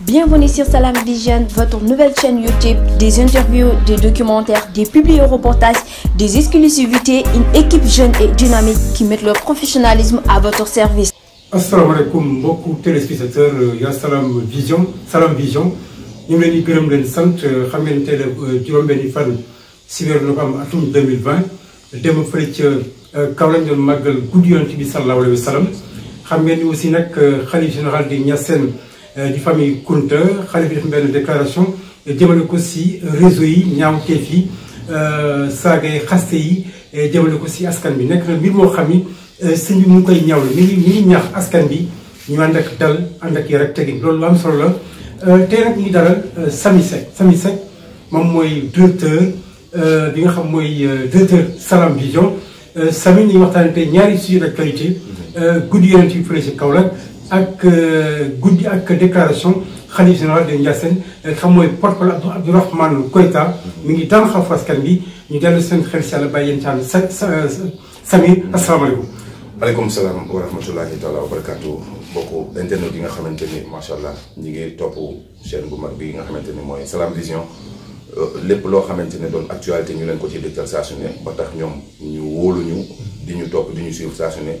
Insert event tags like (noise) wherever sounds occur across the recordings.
Bienvenue sur Salam Vision, votre nouvelle chaîne YouTube, des interviews, des documentaires, des publi-reportages, des exclusivités, une équipe jeune et dynamique qui met leur professionnalisme à votre service. asalaamaaleykum mbokku téléspectateur euh, ya Salam Vision Salam Vision ñu ngi leen di gërëm leen sant euh, xam ngeen tey la euh, juróom-benni fan si weeru novembre atum 2020 dem fële ca Kaolack doon màggal guddi Yonent bi sallallahu alayhi wa sallam xam ngeen ni aussi nag xalif général di Niassène Euh, di famille Kunta xale bi def benn déclaration euh, jëmale ko si euh, réseau yi ñaawteef yi saaga yi xaste yi jëmale ko si askan bi nekk na mbir moo xam ni sëñ mu koy ñaawlu mi ngi mi ngi ñaax askan bi ñu ànd ak dal ànd ak yar ak tegin loolu la am solo la. tey nag ñu dalal Samy Seck Samy Seck moom mooy directeur bi nga xam mooy directeur Salam Vision Samy ñu waxtaanee tey ñaari sujet d'actualité guddi yonent yi fële si Kaolack ak euh, guddi ak déclaration xalif général de Ndiassane euh, xam mooy porte-parole Abdourahmane Koita mi ngi daan xaw askan bi ñu dellu seen xel si yàlla bàyyi yéen ci àll sa sa Samir asalaamaaleykum. maaleykum salaam wa rahmatulahi taala wa barakaatu mbokku internet yi nga xamante ni macha allah ñu ngi topp chaîne bu mag bi nga xamante ni mooy Salam Vision euh, lépp loo xamante ne doon actualité ñu leen ko ci dégtal saa su ne ba tax ñoom ñu wóolu di ñu topp di ñu suivre saa su ne.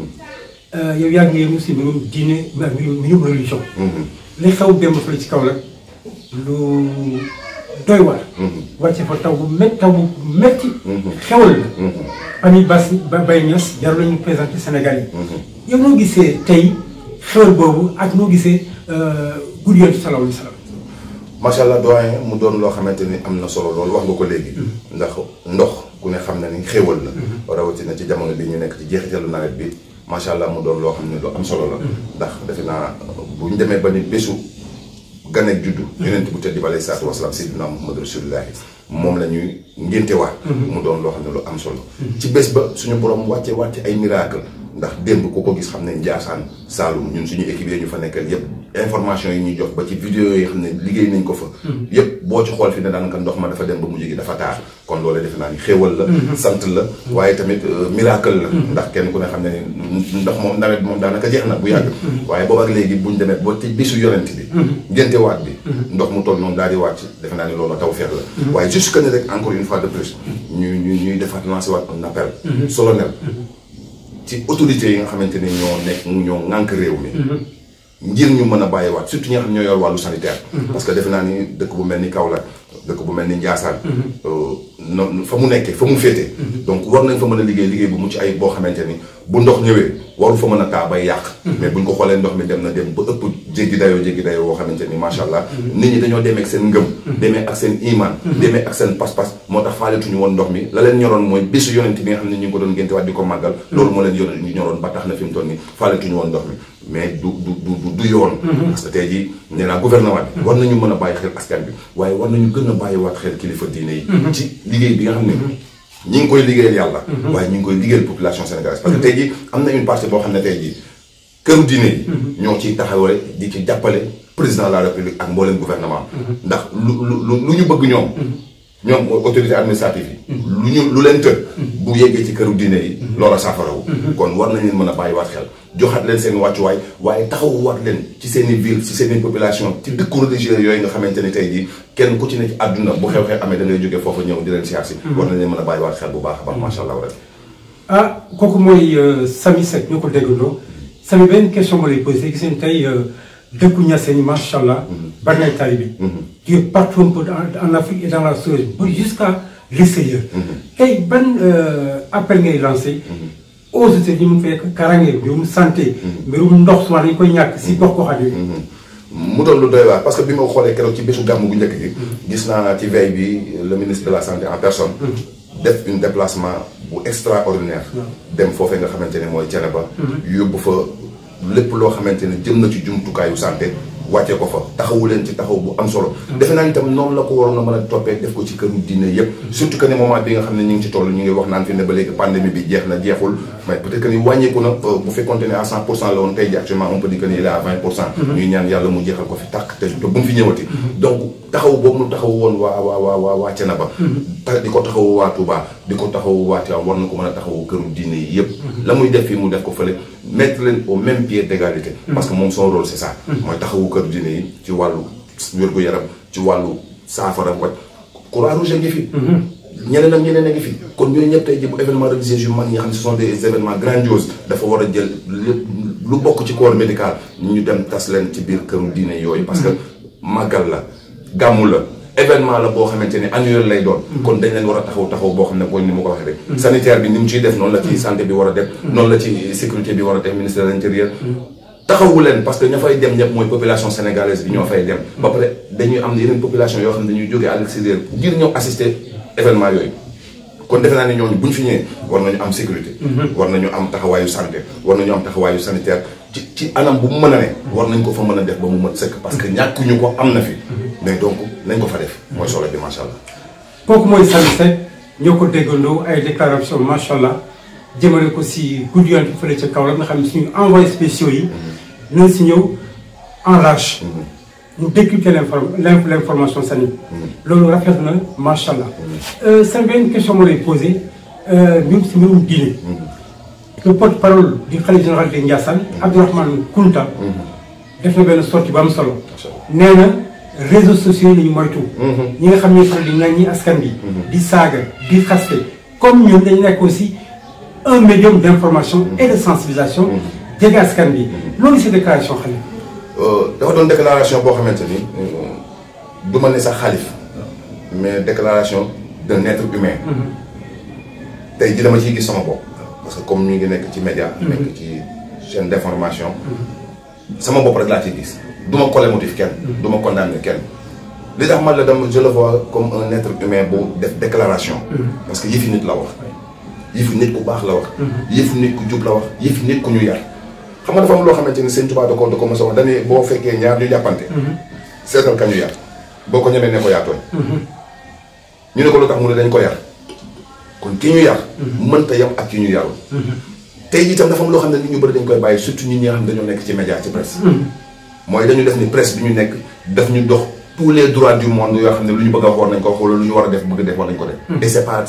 Euh, yow yaa ngi muslim mbirum diine ak mbirum soo mhm. li xaw démb fële ci kaw la lu doy waar. Mhm. wàcce fa taw bu mét taw bu métti. Mhm. xewal la. Famille Bass Baye Niass jarul la ñu présenté Sénégal yi. yow noo gisee tey xewal boobu ak noo gisee euh, guddi yonent sallallahu alayhi wa sallam. macha allah mu doon loo xamante ni am na solo loolu wax nga ko léegi. ndax ndox ku ne xam na ni xéwal la. rawatina ci jamono lii ñu nekk ci jeexitalu nawet bi. macha allah mu doon loo xam ne lu am solo la. ndax defe naa bu ñu demee ba ni bésu gan ak juddu. Mm-hmm. yonent bu tedd bi alayhi salaatu wasalaam sayyidina Muhammad rasulullahi moom la ñuy ngénte waa mm-hmm. mu doon loo xam ne lu am solo. Mm-hmm. ci bés ba suñu borom wàcce wàcce ay miracle. ndax démb ku ko gis xam ne Ndiassane Saloum ñun suñu équipe yi ñu fa nekkal yépp information yi ñuy jox ba ci vidéo yi xam ne liggéey nañ ko fa mm-hmm. yëpp boo ci xool fi ne daanaka ndox ma dafa dem ba dafa taar kon loolee defe naa ni xéewal la mm-hmm. sant la mm-hmm. waaye tamit euh, miracle la ndax kenn ku ne xam ne ni moom nawet moom daanaka jeex na bu yàgg waaye boobu ak léegi buñ demee ba ci bisu yonent bi ngénte waat bi ndox mu toll noonu daal di waat ci defe naa ni loolu tawfeex la waaye juste que ne rek encore une fois de plus ñuy ñuy ñuy defaat lancer waat un appel solennel ci autorités yi nga xamante ni ñoo nekk ñoo ŋànk réew mi. Mm-hmm. ngir ñu mën a bàyyiwaat surtout ñi nga xam ñoo yor wàllu sanitaire. Mm-hmm. parce que defe naa ni dëkk bu mel ni Kaolack. dëkk bu mel ni Ndiassane. Mm-hmm. Euh, no fa mu nekkee fa mu féete. Mm-hmm. donc war nañ fa mën a liggéey liggéey bu mucc ay boo xamante ni bu ndox ñëwee waru fa mën a taa bay yàq. Mm-hmm. mais buñ ko xoolee ndox mi dem na dem ba ëpp jéggi dayoo jéggi dayoo boo xamante ni macha allah. nit ñi dañoo demee ak seen ngëm. demee ak seen iman. demee ak seen pas-pas moo tax faaletuñu woon ndox mi la leen ñoroon mooy bisu yonent bi nga xam ne ñu ngi ko doon géntewaat di ko màggal. loolu moo leen mais du du du du yoon. Mhm. parce que tey jii nee naa gouvernement bi. war nañu mën a bàyyi xel askan bi waaye war nañu gën a bàyyiwaat xel kilifa diine yi. Mhm. ci liggéey bi nga xam ne. Mhm. ñi ngi koy liggéeyal yàlla. waaye ñu ngi koy liggéeyal population sénégalaise. parce que tey jii am na une partie boo xam ne tey jii këru diine yi. ñoo ciy taxawale di ci jàppale président de la république ak mboolem gouvernement ndax lu lu lu ñu bëgg ñoom. ñoom autorité administrative yi. bu yeggee ci këru diine yi. Mhm. a saafarawu mhm. kon war nañ leen mën a bàyyiwaat xel joxaat leen seen wàccuwaay waaye taxawuwaat leen ci seen i ville ci seen i population ci dëkku religieux yooyu nga xamante ni tey jii kenn ku ci ne ci àdduna bu xew-xew amee da ngay foofu ñëw di leen siyaar si. Mhm. war nañ leen mën a bàyyiwaat xel bu baax a baax macha allah rek. ah kooku mooy euh, Samy Seck ñu ko déggandoo Samy benn question ma lay posé gis nañ tey euh, dëkku Niassène macha allah. na l'essayeur tey ban euh, appel ngay lancé aussiteurs ñi mu fekk karange mbirum santé mbirum ndox souvent dañ koy ñàkk si gox goxaan yooyu mu doon lu doy waar parce que bi ma xoolee keroog ci bésu gàmm bu njëkk gi gis naa ci veille bi le ministre de la santé en personne def une déplacement bu extraordinaire dem foofee nga xamante ne mooy ba mm-hmm. yóbbu fa lépp loo xamante ne jëm na ci jumtukaayu santé wàcce ko fa taxawu leen ci taxaw bu am solo mm. defe naa itam noonu la ko waroon a mën a toppee def ko ci këru diine yëpp mm. surtout que ne moment bi nga xam ne ñu ngi ci toll ñu ngi wax naan fi ne ba léegi pandémie bi jeex na jeexul mais peut être que wàññeeku na euh, bu fekkonte ne à cent pour mm-hmm. ko fi tàkk te bu mm-hmm. boobu mu taxaw woon waa waa waa waa waa Thiénaba mm-hmm. di ko taxaw waa Touba di ko taxaw waa Tivaouane war na ko mën a taxaw këru diine yi yëpp la muy def fii mu def ko fële mettre leen au même pied d'égalité mm. parce que moom son rôle c'est ça mm. mooy taxawu kër diine yi ci wàllu wér-gu-yaram ci wàllu saafara waj croix rouge a ngi fi mm-hmm. ñeneen ak ñeneen a ngi fi kon ñooñu ñëpp tey événement religieux yu mag yi nga xam ne ce sont des événements dafa war a jël lépp lu bokk ci corps médical ñu ñu dem tas leen ci biir këru diine yooyu parce que mm-hmm. màggal la gàmmu la événement la boo xamante ne annuel lay doon. Mm-hmm. kon dañ leen war a taxaw taxaw boo xam ne booy ni ma ko waxee rek. Mm-hmm. sanitaire bi ni mu ciy def noonu la ci mm-hmm. santé bi war a def. noonu la ci sécurité bi war a def ministère de taxawu leen parce que ña fay dem ñëpp mooy population sénégalaise bi ñoo fay dem. ba pare dañuy am yeneen population yoo xam ne dañuy jógee à l'extérieur ngir ñëw assister événement yooyu. kon defe naa ne ñooñu bu ñu fi ñëwee war am sécurité. war am taxawaayu santé war nañu am taxawaayu sanitaire ci ci anam bu mu mën a ne. war fa mën a def ba mu mën sëkk. parce que ñàkkuñu am nañ ko fa def. mooy soxla bi macha allah. kooku mooy Salif Seck ñoo ko déggandoo ay déclaration macha allah jëmale ko si guddi yoon fële ca Kaolack nga xam ne suñu envoyé spéciaux yi. Mm-hmm. dinañ si ñëw enrage mu mm-hmm. décrypter l' information sanitaire. Mm-hmm. loolu rafet na macha allah. Euh, seen benn question moo lay posé euh, ñun si mbirum diine. le porte-parole du khalife général de Ndiassane. Abdourahmane Kounta. def na benn sortie bu am solo. nee na. réseaux sociaux yi nañu moytu. Mhm. ñi nga xam ne fan di nañ ñi askan bi mhm. di saaga di xaste comme ñun dañu nekk aussi un médium d' information et de sensibilisation mhm. jege askan bi loolu si déclaration xalif euh, dafa doon déclaration boo xamante ni euh, du ma ne sax xalif mais déclaration d'un être humain tey ji ma ci gis sama bopp parce que comme ñu ngi nekk ci média nekk ci chaîne d' information sama bopp rek laa ciy gis du ma collé motif kenn. du ma condamné kenn. li tax man la dem je le vois comme un être humain bu def déclaration. parce que yëfi nit la wax. yëfi nit ku baax la wax. yëfi nit ku jub la wax yëfi nit ku ñu yar. xam nga dafa am loo xamante ni Sëñ Tuubaa da ko da ko mos a wax boo fekkee ñaar ñu jàppante. boo ko ñemee ne ko yaa tooñ. ñu ko lu tax mu loo xam ne nit ñu bëri dañ koy bàyyi surtout ñi nga dañoo nekk ci média ci presse. mooy dañu def ni presque bi ñu nekk daf ñu dox tous les droits du monde yoo xam ne lu ñu bëgg a xool nañ ko xool lu ñu war a def bëgg def war nañ ko def. Hmm. et c'est pas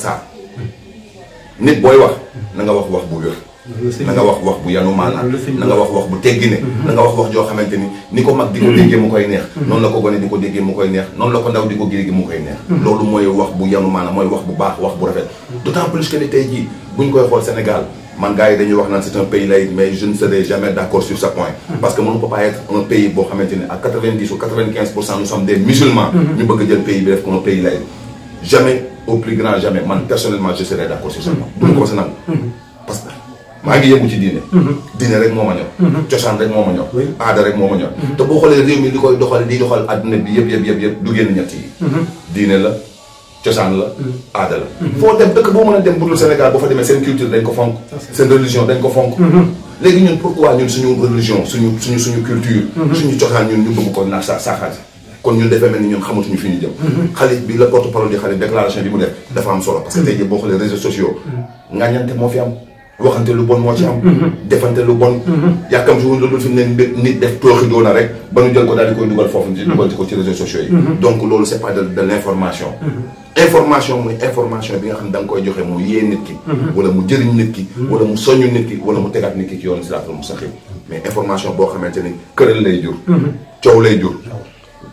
nit booy wax hmm. na nga wax wax bu wér. nga wax wax bu yanu maanaa na nga wax wax bu teggine hmm. na nga wax wax joo xamante ni ni ko mag di ko déggee mu koy neex noonu la ko gone di ko déggee mu koy neex noonu la ko ndaw di ko déggee mu koy neex loolu mooy wax bu yanu maanaa mooy wax bu baax wax bu rafet d'autant plus que koy xool Sénégal man gars yi dañuy wax naan c'est un pays laïque mais je ne serai jamais d'accord sur ce point hmm. parce que mënu peut pas être un pays boo xamante ne quatre-vingt-dix ou quatre-vingt-quinze pour cent nous sommes des musulmans hmm. ñu bëgg jël pays bi def comme un pays jamais au plus grand jamais man personnellement je serai d'accord sur ce hmm. point duñu ko ma sa nangu parce maa ngi yëngu ci diine diine rek moo ma ñor cosaan rek moo ma ñor aada rek moo ma cosaan la mm. aada la mm-hmm. foo dem dëkk boo mën a dem budul Sénégal boo fa demee seen culture dañ ko fonk seen religion dañ ko fonk mm-hmm. léegi ñun pourquoi ñun suñu religion suñu suñu suñu culture mm-hmm. suñu cosaan ñun ñu bëgg ko nax sa saaxaati kon ñun defee mel ni ñun xamatuñu fi ñu jëm xalit bi la porte parole di xalit déclaration bi mu def dafa am solo parce que tey jii boo xoolee réseaux sociaux ngañante moo fi am waxante lu bon information mooy information bi nga xam ne da nga koy joxe mu yee nit ki. wala mu jëriñ nit ki. wala mu soñu nit ki wala mu tegaat nit ki ci yoonu siraatal mustaqiim mais information boo xamante ni këral lay jur. coow lay jur.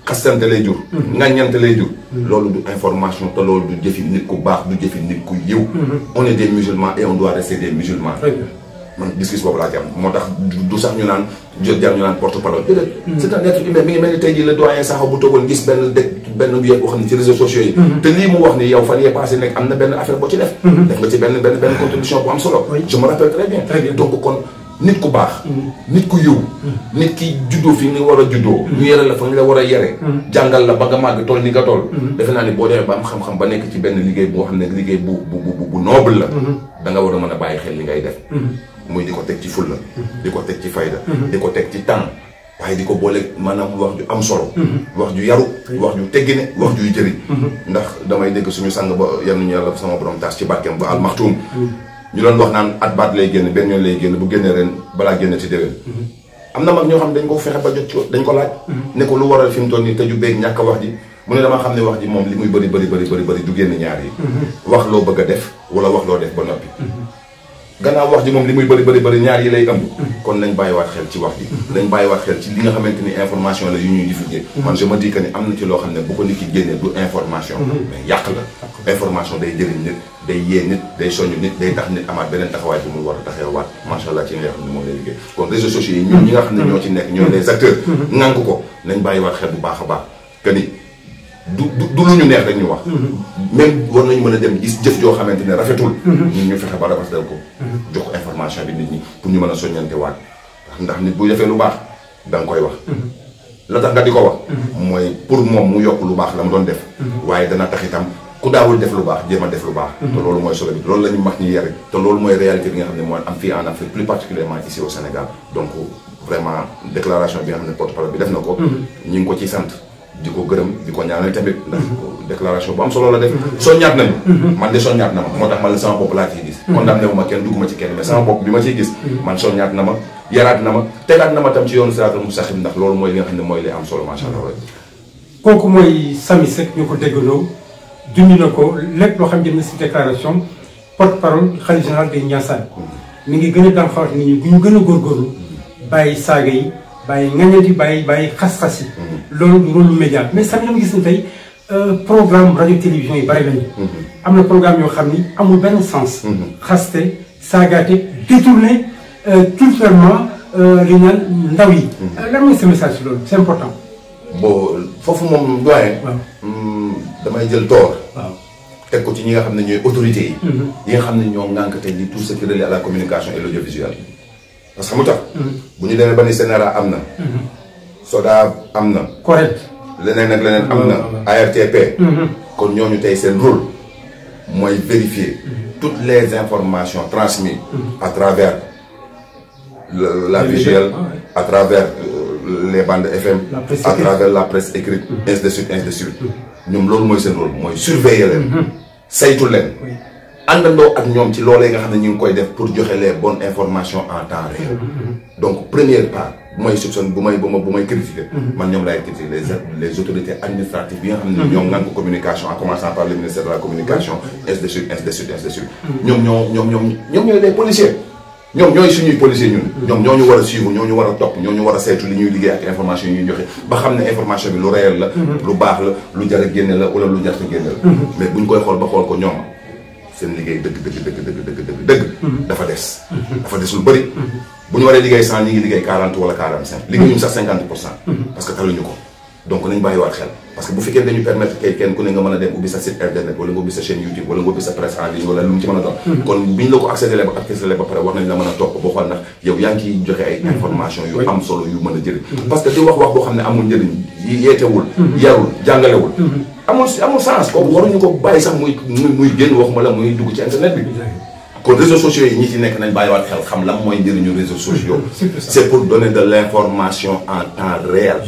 xastante lay jur. ŋàññante lay jur. loolu du information te loolu du jëfi nit ku baax du jëfi nit ku yiw. Mm-hmm. on est et on doit rester man gis-gis laa ci moo tax du sax ñu naan jot jaar ñu naan porte parole déedéet hmm. c'est un être humain mi ngi mel ni tey jii le doyen sax bu toogoon gis benn dëkk benn yeeg hmm. te lii mu wax ni yow fan yee passé nekk am na benn hmm. contribution bu am solo je me rappelle très bien ki juddoo fi nga war a juddoo ñu yere la fa nga la war a la ba nga màgg toll ni nga toll defe naa ni boo demee am xam-xam ba nekk ci benn liggéey boo xam ne liggéey bu bu bu noble la da nga war a mën a bàyyi xel li ngay def muy di ko teg ci fulla mm-hmm. di ko teg ci fayda mm-hmm. di ko teg ci temps waaye di ko boole maanaam wax ju am solo mm-hmm. wax ju yaru wax ju teggine wax juy jëriñ ndax damay dégg suñu sang ba yal nañu sama borom taas ci barkeem ba almaxtuum ñu doon wax naan at baat lay génn benn yoon lay génn bu génnee ren balaa génn ci déwén am na mag ñoo xam ne dañ ko fexe ba jot ci dañ ko laaj ne ko lu waral fi mu toll nii tëju beeg ñàkk wax ji mu ne dama xam ne wax ji moom li muy bëri bëri bëri bëri bëri du génn ñaar yi wax loo bëgg a def wala wax loo def ba noppi gannaaw wax ji moom li muy bëri bëri bëri ñaar yi lay ëmb kon nañ bàyyiwaat xel ci wax ji nañ bàyyiwaat xel ci li nga xamante ni information la yu ñuy diffuser man je me dis am ne bu ko nit ki génnee du information mm-hmm. mais yàq la day jëriñ nit day yee nit day soññ nit day tax nit amaat beneen taxawaay bu mu war a taxawaat macha allah ci nga xam ne moom lay liggéey kon réseaux sociaux yi ñun ñi nga xam ne ñoo ci nekk ñooy mm-hmm. les acteurs mm-hmm. ŋànk ko nañ bàyyiwaat xel bu baax a baax que du du lu ñu neex rek ñu wax. Mhm. même war nañu mën a dem gis jëf joo xamante ne rafetul. Mhm. ñun ñu fexe ba rafetal ko. Mhm. jox ko information bi nit ñi pour ñu mën a soññante waat ndax nit bu defee lu baax da nga koy wax. la tax nga di ko wax. mooy pour moom mu yokk lu baax la mu doon def. waaye dana tax itam ku daawul def lu baax jéem a def lu baax. te loolu mooy solo bi loolu la ñu mag ñi yare te loolu mooy réalité bi nga xam ne mooy am fii en Afrique plus particulièrement ici au Sénégal ne porte-parole bi def na ko. ñu ngi ko ciy sant. di ko gërëm di ko ñaanal tamit ndax déclaration bu am solo la def soññaat nañu man de soññaat na ma moo tax man la sama bopp laa ciy gis hmm. condamné wu ma kenn dugguma ci kenn mais sama bopp bi ma ciy gis hmm. man soññaat na ma yaraat na ma tegaat na ma tam ci yoonu siraatal mustaqiim ndax loolu mooy li nga xam ne mooy li am solo macha allah rek hmm. kooku mooy Samy Seck ñu ko déggandoo junni na ko lépp loo xam jëm na si déclaration porte parole xalifa général des Niassane mi ngi a daan xawaat nit ñi bu a góorgóorlu bàyyi bàyyi ŋañati bàyyi bàyyi xas-xas yi. Mhm. loolu du média mais sax ñoom gis nga tey euh, programme rajo télévision yi bari nañu. Mhm. am na programme yoo xam ni amul benn sens. Mhm. xaste saagaate détourné culturellement euh, euh, li ñu naan ndaw yi. lan mooy sa message si loolu c'est important. bon foofu moom doyen. Hmm, damay jël toor. waaw teg ko ci ñi nga xam ne ñooy autorités yi. yi nga xam ne ñoo ŋànk tey li tout ce qui la communication et l'audiovisuel. parce que mu tax. Mm-hmm. bu ñu demee ba ni Sénéra am na. Mm-hmm. Soda am na. correct leneen ak leneen am na. ARTP. Mm-hmm. kon ñooñu tey seen rôle mooy vérifier toutes les informations transmises à travers la visuelle ah, à travers euh, les bandes FM à travers la presse écrite ainsi de suite ainsi suite ñoom loolu mooy seen rôle mooy surveiller leen saytu leen àndandoo ak ñoom ci loolee nga xam ne ñu ngi koy def pour joxe les bonnes informations en temps réel mm-hmm, mm-hmm. donc première part bu may soupçonne bu may bu ma bu may critiquer mm-hmm. man ñoom laay critiquer les les autorités administratives yi nga xam ne ñoom ngànk communication en commençant par ministère de la communication ainsi suite ainsi suite ainsi de suite ñoom ñoo ñoom ñoom ñoom ñooy les policiers ñoom ñooy suñuy policiers ñun ñoom ñoo ñu war a suivre ñoo ñu war a topp ñoo ñu war a ñuy liggéey ak information yi xam ne information bi lu réel la lu baax la lu jar a génne la lu jar a génne la mais koy xool ba xool ko ñoom seen liggéey dëgg dëgg dëgg dëgg dëgg dëgg. dafa des. dafa des lu bëri. bu ñu waree liggéey cent ñi ngi liggéey quarante wala quarante cinq. liggéeyuñu sax cinquante pour cent. parce que taluñu ko. donc nañ bàyyiwaat xel parce que bu fekkee dañu permettre kay kenn ku ne nga mën a dem ubbi sa site internet wala nga ubbi sa chaîne YouTube wala nga ubbi sa presse en ligne wala lu mu ci mën a doon mm-hmm. kon biñ la ko accéléré la ba pare war nañ la amul amul sens kooku waruñu ko bàyyi sax muy muy génn waxuma la muy dugg ci internet bi kon réseaux sociaux yi ñi ci nekk nañ bàyyiwaat xel xam lan mooy njëriñu réseaux sociaux (laughs) c'est pour donner de l'information en temps réel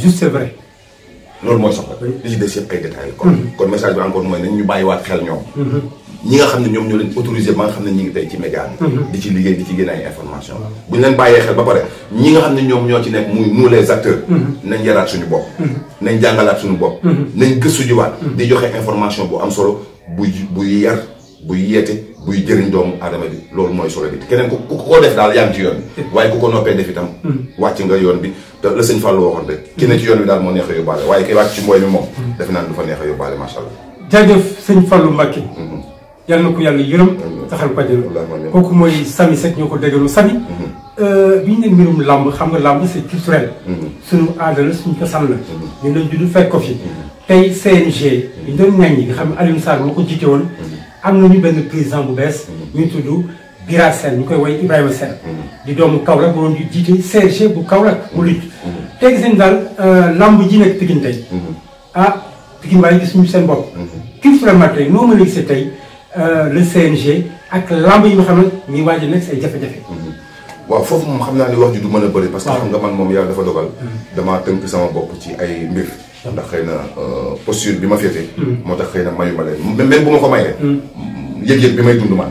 loolu mooy soxla li ci des yëpp ay détails kon mm-hmm. kon message bi encore mooy nañ ñu bàyyiwaat xel ñoom mm-hmm. ñi nga xam ne ñoom ñoo leen autorisé ba nga xam ne ñi ngi tey ci média bi mhm. di ci liggéey di ci génne ay information bu xam ne ñoom ñoo ci nekk muy nous mhm. mhm. nañ jàngalaat suñu bopp nañ gëstu jiwaat di joxe information bu am solo bu buy yar buy yeete buy jëriñ doomu aadama loolu mooy solo bi keneen ku ku ko def waaye ku ko noppee def itam wàcc nga yoon bi te la sëñ Fallou waxoon rek ki ne ci yoon bi daal moo neex a yóbbaale waaye ki wàcc ci mbooy mi moom defe naan du fa neex a yóbbaale macha allah jaajëf sëñ Fallou Mbacké yal na ko yàlla yërëm saxal ko àjjana kooku mooy Samy Seck ñoo ko déglu Samy mhm. euh, bi ñu ne mbirum làmb xam nga làmb c'est culturel mhm. suñu aada la suñu cosaan la mhm. ñun dañ judd fekk ko fi tey CNG ñu xam ne Alioune Sarr ko jiite woon am nañu benn président bu bees ñu tudd Bira Sène ñu koy woy Ibrahima Sène di doomu kaw bu doon di jiite CNG bu Kaolack bu lutte tey seen daal euh, làmb ji nekk Pikine tey ah Pikine waaye seen bopp culturellement tey noo mën a gisee tey Euh, le CNG ak lamb yi nga xam ne ñuy a nekk si ay jafe-jafe. Mhm. waaw foofu moom xam naa ni wax ji du mën a bëri. parce que xam nga man moom yàlla dafa dogal. Mhm. damaa tënk sama bopp ci ay mbir. ndax xëy na euh, posture bi ma féete. Mhm. moo tax xëy na mayu ma leen même bu ma ko mayee. yëg-yëg bi may dund man.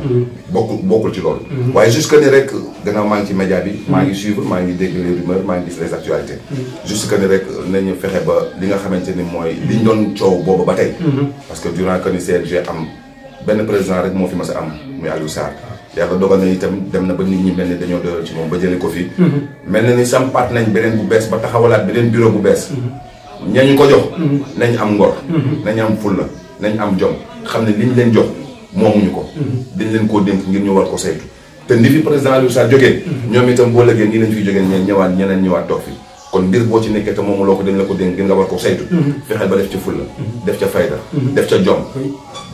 bokkul bokkul ci loolu. waaye jusque ni rek gannaaw maa ngi ci média bi. maa ngi suivre maa ngi dégg les rumeurs maa ngi gis les actualités. jusque ni rek nañu fexe ba li nga xamante ni mooy. liñ doon coow boobu ba tey. parce que durant que ni am. benn président rek moo fi ma a am muy Aliou Sarr yàlla dogal na itam dem na ba nit ñi mel ni dañoo doyal ci moom ba jëlee ko fi. Mhm. mel na ni sampaat nañ beneen bu bees ba taxawalaat beneen bureau bu bees. Mhm. ko jox. Mhm. nañ am ngor. nañ am fulla nañ am jom xam ne liñ leen jox moomuñu ko. dañ leen koo dénk ngir ñu war ko saytu. te ni fi président Aliou Sarr jógee. ñoom itam boo lëggee nii leen fi jógee ñeen ñëwaat ñeneen ñëwaat toog fi. kon mbir boo ci nekkee te moom loo ko dañ la ko dénk ngir nga war ko saytu. fexe ba def ci fulla def ca fayda. def ca jom.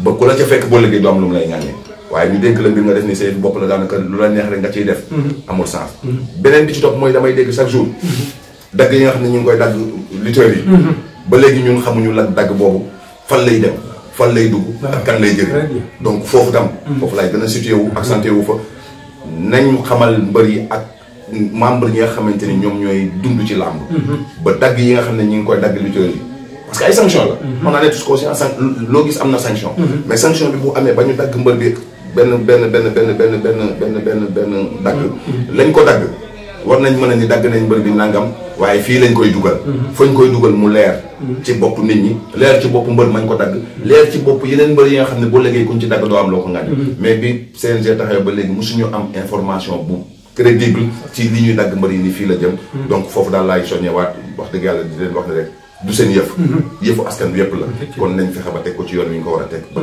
ba ku la ca fekk boo liggéey doo am lu mu lay ñaanee waaye ñu dénk la mbir nga def ni say bopp la daanaka lu la neex rek nga ciy def mm-hmm. amul sens mm-hmm. beneen bi ci topp mooy damay dégg chaque jour mm-hmm. dagg yi nga xam ne ñu ngi koy dagg lutteurs ba léegi ñun xamuñu lan dagg boobu fan lay dem fan lay dugg ah, ak kan donc foofu tam foofu laay gën a situé wu ak santé wu fa nañ xamal mbër yi ak membre yi nga xamante ni ñoom ñooy dund ci làmb ba dagg yi nga xam ne ñu ngi koy dagg lutteurs yi parce que ay sanction la. Mhm. on en est tous conscients loo gis am na sanction. Mhm. mais sanction bi bu amee ba ñu dagg mbër bi benn benn benn benn benn benn benn benn benn dagg. Mhm. lañ ko dagg war nañ mën a ni dagg nañ mbër bi nangam waaye fii lañ koy dugal. fañ koy dugal mu leer. ci bopp nit ñi leer ci bopp mbër mañ ko dagg. leer ci bopp yeneen mbër yi nga xam ne boo léegi kuñ ci dagg doo am loo ko ngañ. mais bi CNG taxawee ba léegi mosuñu am information bu. crédible ci li ñuy dagg mbër yi ni fii la jëm. donc foofu daal laay soññewaat wax dëgg yàlla di leen wax ne rek. du seen yëf. Mhm. yëfu askan bi yëpp la. kon nañ fexe ba teg ko ci yoon wi ñu ko war a teg. ba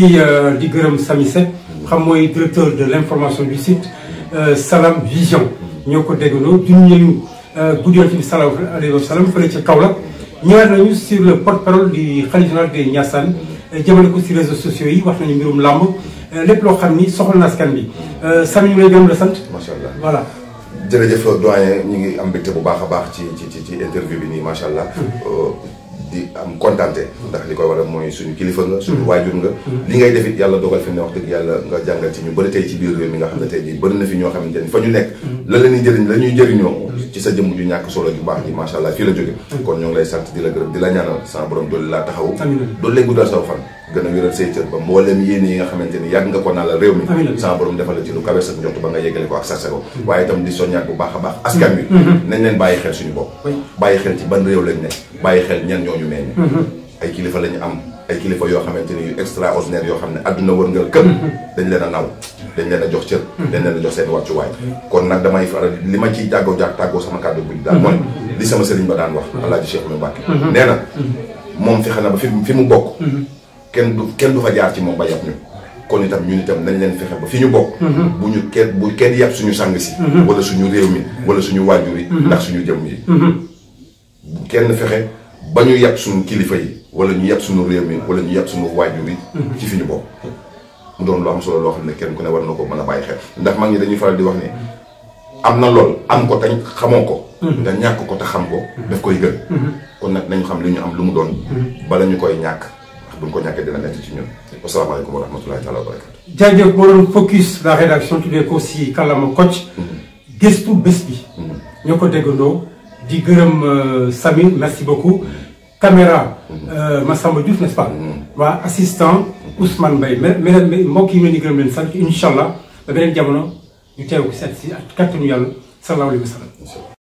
euh, di gërëm Samy Seck xam mooy directeur de l' information du site mhm. euh, Salam Vision. Mhm. ñoo ko déggandoo junj nañu euh, guddi yoon ci salaam alayhi wa salaam fële ca Kaolack. ñëwaat nañu sur le porte parole du khalife général des Niassane jëmale ko si réseaux sociaux yi wax nañu mbirum làmb lépp loo xam ni soxla na askan bi Samy ñu lay gërëm la sant. macha allah voilà. jërëjëf doyen ñu ngi am mbégte bu baax a baax ci ci ci interview bi nii macha allah. Hmm. Euh, di am kontante ndax li koy waral mooy suñu kilifa nga suñu hmm. waajur nga hmm. li ngay def yàlla dogal fi wax dëgg yàlla nga jàngal ci ñu bëri tey ci biir réew mi nga xam ne tey jii bëri na fi ñoo xamante ni fa ñu nekk la leen di jëriñ la ñuy jëriñoo ci sa jëmm ju ñàkk solo ju baax ji macha allah fii la jóge kon ñoo lay sant di la gërëm di la ñaanal sama borom doole laa taxaw doolu lay guddal gën a wéral say cër ba mboolem yéene yi nga xamante yàgg nga ko naa la réew mi sama borom defal la ci lu kawe sa nga yeggale ko ak sarsako waaye itam di soññaat bu baax a baax askan wi mm-hmm. Mm-hmm. nañ bàyyi xel suñu bopp bàyyi xel ci ban réew lañ ne mm-hmm. bàyyi xel ñan ñooñu nee ne ay kilifa lañu am ay kilifa yoo xamante ni yu extraordinaire yoo xam ne àdduna wërngal këpp dañ leen a naw dañ leen a jox cër dañ leen a jox seen li ma ciy jàggoo jàg tàggoo sama kàddu guddi daal mooy li sama ba daan wax alaaji Cheikh Mbacke kenn du kenn du fa jaar ci moom ba yàpp ñu kon itam ñun itam nañ leen fexe ba fi ñu bokk mhm. bu ñu kenn bu kenn yàpp suñu sàng si mhm. wala suñu réew mi wala suñu waajur yi mhm. ndax suñu jëm yi kenn fexe ba ñu yàpp suñu kilifa yi wala ñu suñu réew mi wala ñu yàpp suñu waajur yi ci fi ñu bokk mu doon loo xam solo loo xam ne kenn ku ne war na ko mën a bàyyi xel ndax mag ñi dañuy faral di wax ne am na lool am ko tañ xamoo ko nga ñàkk ko te xam ko daf koy gën kon nag nañu xam li ñu am lu mu doon bala koy ñàkk bu ñu ko ñàkkee dina nekk ci ñun. asalaamaaleykum wa rahmatulahi taala wa barakaatu. jaajëf doon focus la rédaction tuddee ko si kàllaama Kocc. gëstu bés bi. Mm-hmm. ñoo ko déggandoo di gërëm euh, Samy merci beaucoup. Mm-hmm. caméra mm-hmm. euh, ma Diouf n'est-ce pas. waa assistant Ousmane Mbaye mais mais mbokk yi ma ni gërëm leen sant incha allah ba beneen jamono ñu teew ko seet si ak kattanu yàlla sallallahu alayhi wa sallam.